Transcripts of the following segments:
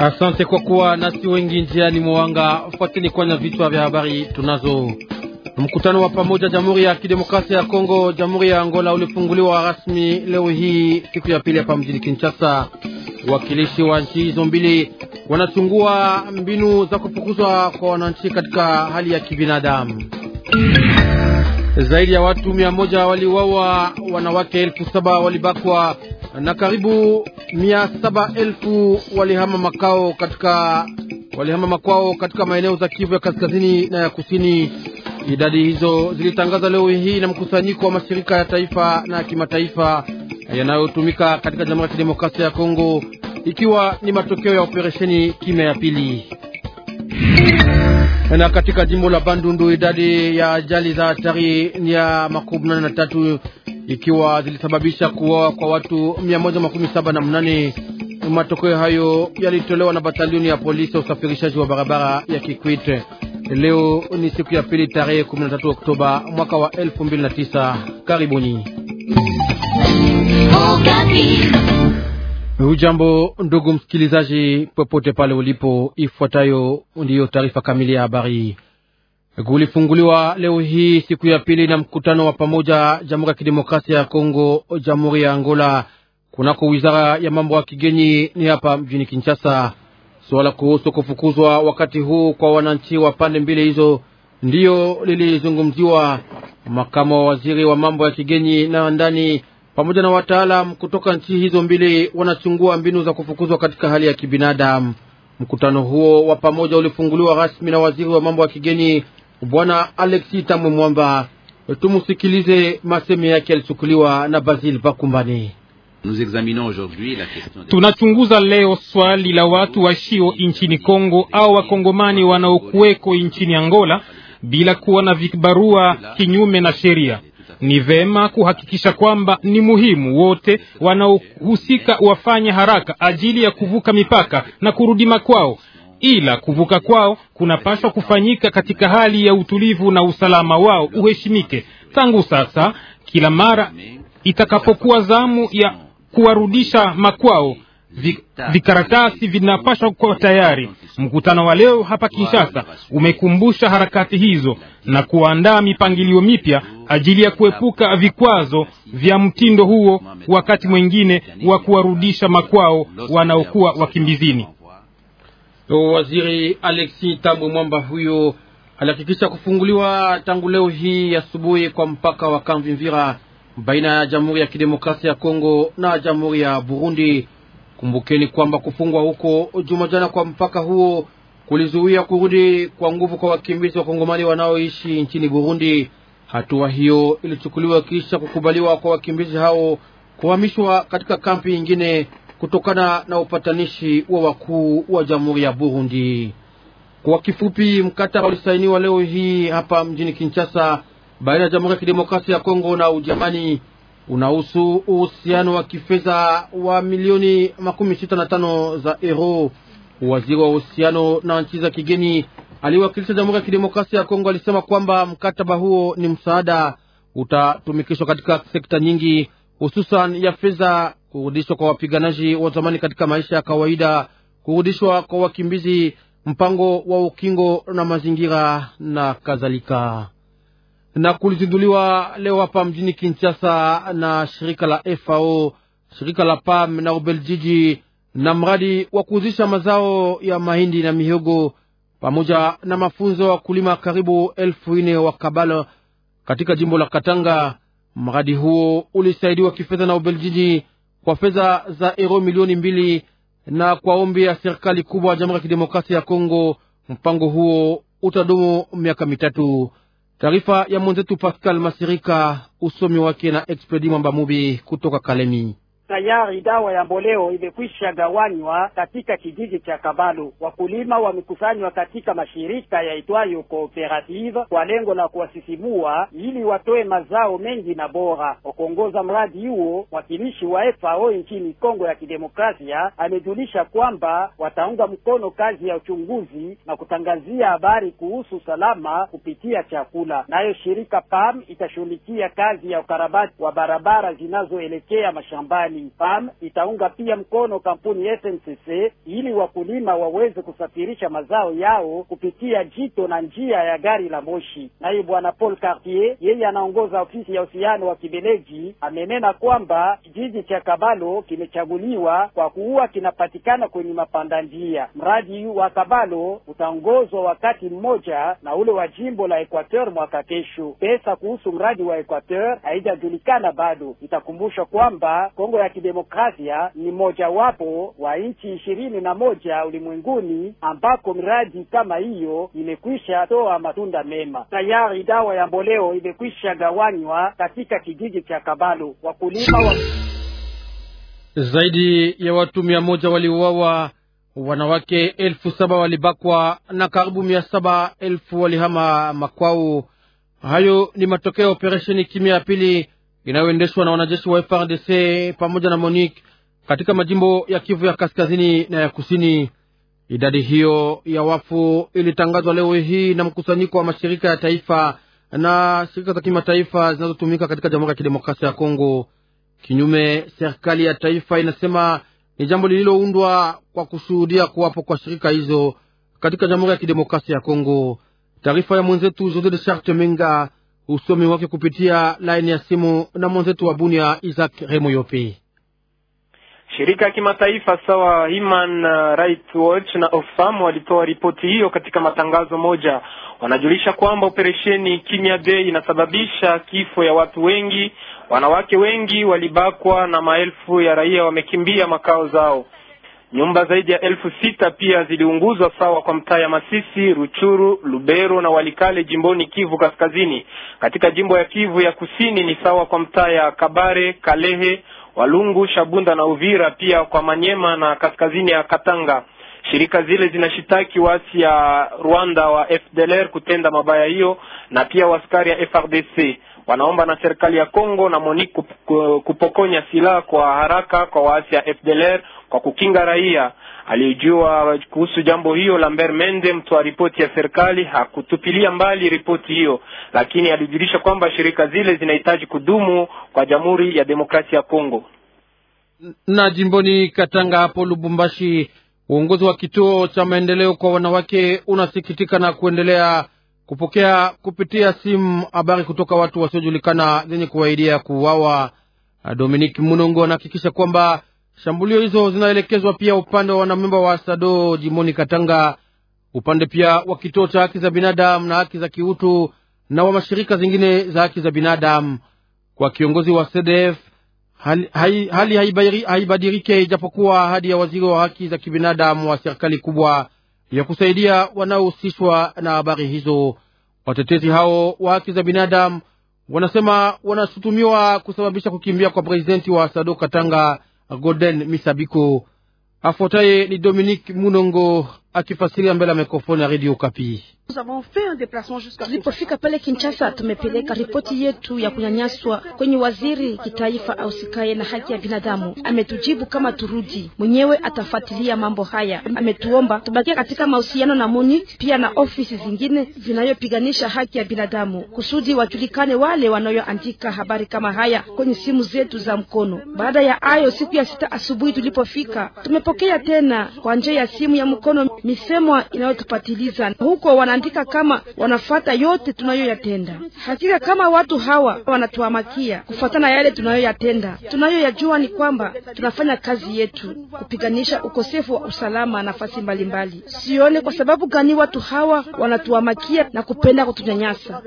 Asante kwa kuwa nasi wengi njiani mwanga. Fuateni kwanza vichwa vya habari tunazo. Mkutano wa pamoja Jamhuri ya Kidemokrasia ya Kongo, Jamhuri ya Angola ulifunguliwa rasmi leo hii siku ya pili hapa mjini Kinshasa. Wakilishi wa nchi hizo mbili wanachungua mbinu za kufukuzwa kwa wananchi katika hali ya kibinadamu. Zaidi ya watu mia moja waliuawa, wanawake elfu saba walibakwa na karibu mia saba elfu walihama makao katika walihama makwao katika maeneo za Kivu ya kaskazini na ya kusini. Idadi hizo zilitangaza leo hii na mkusanyiko wa mashirika ya taifa na ya kimataifa yanayotumika katika Jamhuri ya Kidemokrasia ya Kongo ikiwa ni matokeo ya operesheni kime ya pili. Na katika jimbo la Bandundu idadi ya ajali za hatari ni ya makumi nane na tatu ikiwa zilisababisha kuwawa kwa watu 178. Matokeo hayo yalitolewa na batalioni ya polisi ya usafirishaji wa barabara ya Kikwit. Leo ni siku ya pili tarehe 13 Oktoba mwaka wa 2009. Karibuni. Hujambo ndugu msikilizaji, popote pale ulipo, ifuatayo ndiyo taarifa kamili ya habari. Kulifunguliwa leo hii siku ya pili na mkutano wa pamoja Jamhuri ya Kidemokrasia ya Kongo, Jamhuri ya Angola kunako wizara ya mambo ya kigeni ni hapa mjini Kinshasa. Suala kuhusu kufukuzwa wakati huu kwa wananchi wa pande mbili hizo ndiyo lilizungumziwa. Makamu wa waziri wa mambo ya kigeni na ndani pamoja na wataalam kutoka nchi hizo mbili wanachungua mbinu za kufukuzwa katika hali ya kibinadamu. Mkutano huo wa pamoja ulifunguliwa rasmi na waziri wa mambo ya kigeni Bwana Alexi Tamwe Mwamba. Tumusikilize, masemi yake yalichukuliwa na Basil Bakumbani. Tunachunguza leo swali la watu washio nchini Kongo au wakongomani wanaokuweko nchini Angola bila kuwa na vibarua kinyume na sheria. Ni vema kuhakikisha kwamba ni muhimu wote wanaohusika wafanye haraka ajili ya kuvuka mipaka na kurudi makwao, ila kuvuka kwao kunapaswa kufanyika katika hali ya utulivu na usalama wao uheshimike. Tangu sasa, kila mara itakapokuwa zamu ya kuwarudisha makwao vikaratasi vinapashwa kuwa tayari. Mkutano wa leo hapa Kinshasa umekumbusha harakati hizo na kuandaa mipangilio mipya ajili ya kuepuka vikwazo vya mtindo huo, wakati mwingine wa kuwarudisha makwao wanaokuwa wakimbizini. Waziri Alexi Tambwe Mwamba huyo alihakikisha kufunguliwa tangu leo hii asubuhi kwa mpaka wa Kamvimvira baina ya Jamhuri ya Kidemokrasia ya Kongo na Jamhuri ya Burundi. Kumbukeni kwamba kufungwa huko juma jana kwa mpaka huo kulizuia kurudi kwa nguvu kwa wakimbizi wa Kongomani wanaoishi nchini Burundi. Hatua hiyo ilichukuliwa kisha kukubaliwa kwa wakimbizi hao kuhamishwa katika kampi nyingine kutokana na upatanishi wa wakuu wa jamhuri ya Burundi. Kwa kifupi, mkataba ulisainiwa leo hii hapa mjini Kinshasa baina ya Jamhuri ya Kidemokrasia ya Kongo na Ujerumani unahusu uhusiano wa kifedha wa milioni makumi sita na tano za ero Waziri wa uhusiano na nchi za kigeni aliwakilisha Jamhuri ya Kidemokrasia ya Kongo alisema kwamba mkataba huo ni msaada utatumikishwa katika sekta nyingi, hususan ya fedha, kurudishwa kwa wapiganaji wa zamani katika maisha ya kawaida, kurudishwa kwa wakimbizi, mpango wa ukingo na mazingira na kadhalika na kulizinduliwa leo hapa mjini Kinshasa na shirika la FAO, shirika la PAM na Ubeljiji na mradi wa kuuzisha mazao ya mahindi na mihogo pamoja na mafunzo wa kulima karibu elfu nne wa Kabala katika jimbo la Katanga. Mradi huo ulisaidiwa kifedha na Ubeljiji kwa fedha za euro milioni mbili na kwa ombi ya serikali kubwa ya Jamhuri ya Kidemokrasia ya Kongo. Mpango huo utadumu miaka mitatu. Taarifa ya mwenzetu Pascal Masirika, usomi wake na Expedi Mwamba Mubi kutoka Kalemi. Tayari dawa ya mboleo imekwisha gawanywa katika kijiji cha Kabalu. Wakulima wamekusanywa katika mashirika yaitwayo Cooperative kwa lengo la kuwasisimua ili watoe mazao mengi na bora. Kwa kuongoza mradi huo, mwakilishi wa FAO nchini Kongo ya Kidemokrasia amejulisha kwamba wataunga mkono kazi ya uchunguzi na kutangazia habari kuhusu usalama kupitia chakula. Nayo shirika PAM itashughulikia kazi ya ukarabati wa barabara zinazoelekea mashambani. Mining Farm itaunga pia mkono kampuni SNCC ili wakulima waweze kusafirisha mazao yao kupitia jito na njia ya gari la moshi. Naye bwana Paul Cartier, yeye anaongoza ofisi ya uhusiano wa kibeleji, amenena kwamba kijiji cha Kabalo kimechaguliwa kwa kuwa kinapatikana kwenye mapanda njia. Mradi wa Kabalo utaongozwa wakati mmoja na ule wa jimbo la Equateur mwaka kesho. Pesa kuhusu mradi wa Equateur haijajulikana bado. Itakumbusha kwamba Kongo ya ya kidemokrasia ni mojawapo wa nchi ishirini na moja ulimwenguni ambako miradi kama hiyo imekwisha toa matunda mema. Tayari dawa ya mboleo imekwisha gawanywa katika kijiji cha Kabalo. Wakulima wa zaidi ya watu mia moja waliuawa, wanawake elfu saba walibakwa na karibu mia saba elfu walihama makwao. Hayo ni matokeo ya operesheni kimya ya pili inayoendeshwa na wanajeshi wa FRDC pamoja na MONUC katika majimbo ya Kivu ya kaskazini na ya kusini. Idadi hiyo ya wafu ilitangazwa leo hii na mkusanyiko wa mashirika ya taifa na shirika za kimataifa zinazotumika katika Jamhuri ya Kidemokrasia ya Kongo. Kinyume, serikali ya taifa inasema ni jambo lililoundwa kwa kushuhudia kuwapo kwa shirika hizo katika Jamhuri ya Kidemokrasia ya Kongo. Taarifa ya mwenzetu Jose de Charte Menga usomi wake kupitia laini ya simu na mwenzetu wa Bunia Isaac Remo Yope. Shirika ya kimataifa sawa Human Rights Watch na Ofam walitoa ripoti hiyo katika matangazo moja. Wanajulisha kwamba operesheni Kimya Day inasababisha kifo ya watu wengi, wanawake wengi walibakwa na maelfu ya raia wamekimbia makao zao. Nyumba zaidi ya elfu sita pia ziliunguzwa sawa kwa mtaa ya Masisi, Ruchuru, Lubero na Walikale jimboni Kivu Kaskazini. Katika jimbo ya Kivu ya Kusini ni sawa kwa mtaa ya Kabare, Kalehe, Walungu, Shabunda na Uvira, pia kwa Manyema na kaskazini ya Katanga. Shirika zile zinashitaki waasi ya Rwanda wa FDLR kutenda mabaya hiyo na pia waskari ya FRDC wanaomba na serikali ya Kongo na MONUC kupokonya silaha kwa haraka kwa waasi ya FDLR kwa kukinga raia. Aliyejua kuhusu jambo hiyo, Lambert Mende, mtoa ripoti ya serikali, hakutupilia mbali ripoti hiyo, lakini alijulisha kwamba shirika zile zinahitaji kudumu kwa Jamhuri ya Demokrasia ya Kongo. Na jimboni Katanga hapo Lubumbashi, uongozi wa kituo cha maendeleo kwa wanawake unasikitika na kuendelea kupokea kupitia simu habari kutoka watu wasiojulikana zenye kuwaidia kuuawa. dominik Munongo anahakikisha kwamba Shambulio hizo zinaelekezwa pia upande wa wanamemba wa Sado jimoni Katanga, upande pia wa kituo cha haki za binadamu na haki za kiutu na wa mashirika zingine za haki za binadamu. Kwa kiongozi wa CDF hali, haibadirike, hali haibadirike, ijapokuwa ahadi ya waziri wa haki za kibinadamu wa serikali kubwa ya kusaidia wanaohusishwa na habari hizo. Watetezi hao wa haki za binadamu wanasema wanashutumiwa kusababisha kukimbia kwa prezidenti wa Sado Katanga Goden Misabiko. Afuataye ni Dominique Munongo akifasiria mbele ya mikrofoni ya Radio Kapi. Tulipofika pale Kinshasa, tumepeleka ripoti yetu ya kunyanyaswa kwenye waziri kitaifa ausikaye na haki ya binadamu. Ametujibu kama turudi, mwenyewe atafuatilia mambo haya. Ametuomba tubakia katika mahusiano na MONUC pia na ofisi zingine zinayopiganisha haki ya binadamu kusudi wajulikane wale wanayoandika habari kama haya kwenye simu zetu za mkono. Baada ya hayo, siku ya sita asubuhi tulipofika, tumepokea tena kwa njia ya simu ya mkono misemo inayotupatiliza huko, wanaandika kama wanafata yote tunayoyatenda. Hakika kama watu hawa wanatuhamakia kufatana yale tunayoyatenda, tunayoyajua ni kwamba tunafanya kazi yetu kupiganisha ukosefu wa usalama nafasi mbalimbali. Sione kwa sababu gani watu hawa wanatuhamakia na kupenda kutunyanyasa.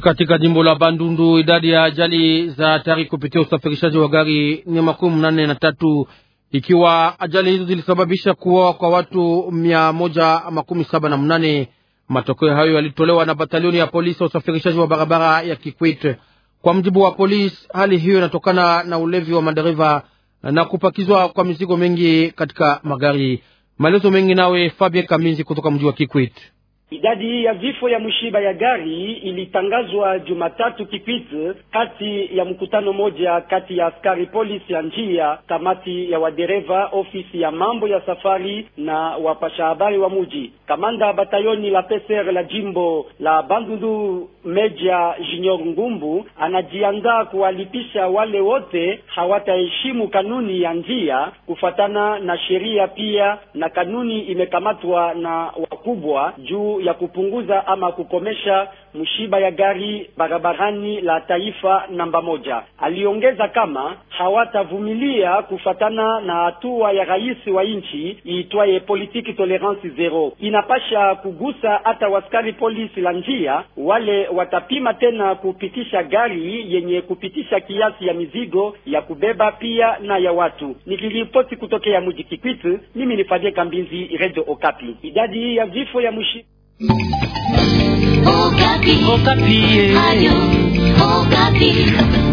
Katika jimbo la Bandundu idadi ya ajali za hatari kupitia usafirishaji wa gari ni makumi manane na tatu ikiwa ajali hizo zilisababisha kuwa kwa watu mia moja makumi saba na mnane. Matokeo hayo yalitolewa na batalioni ya polisi ya usafirishaji wa barabara ya Kikwit. Kwa mjibu wa polisi, hali hiyo inatokana na ulevi wa madereva na kupakizwa kwa mizigo mengi katika magari. Maelezo mengi nawe Fabie Kaminzi kutoka mji wa Kikwit. Idadi ya vifo ya mshiba ya gari ilitangazwa Jumatatu kipita kati ya mkutano moja kati ya askari polisi ya njia, kamati ya wadereva, ofisi ya mambo ya safari na wapasha habari wa muji. Kamanda batayoni la PCR la jimbo la Bandundu Meja Junior Ngumbu anajiandaa kuwalipisha wale wote hawataheshimu kanuni ya njia kufatana na sheria pia na kanuni imekamatwa na wakubwa juu ya kupunguza ama kukomesha mshiba ya gari barabarani la taifa namba moja. Aliongeza kama hawatavumilia kufatana na hatua ya rais wa nchi iitwaye politiki tolerance zero. Inapasha kugusa hata waskari polisi la njia, wale watapima tena kupitisha gari yenye kupitisha kiasi ya mizigo ya kubeba pia na ya watu. Nikiripoti kutokea mji Kikwit, mimi ni Fadie Kambinzi, Radio Okapi. Idadi ya vifo ya mshiba Okapi. Okapi. Eh.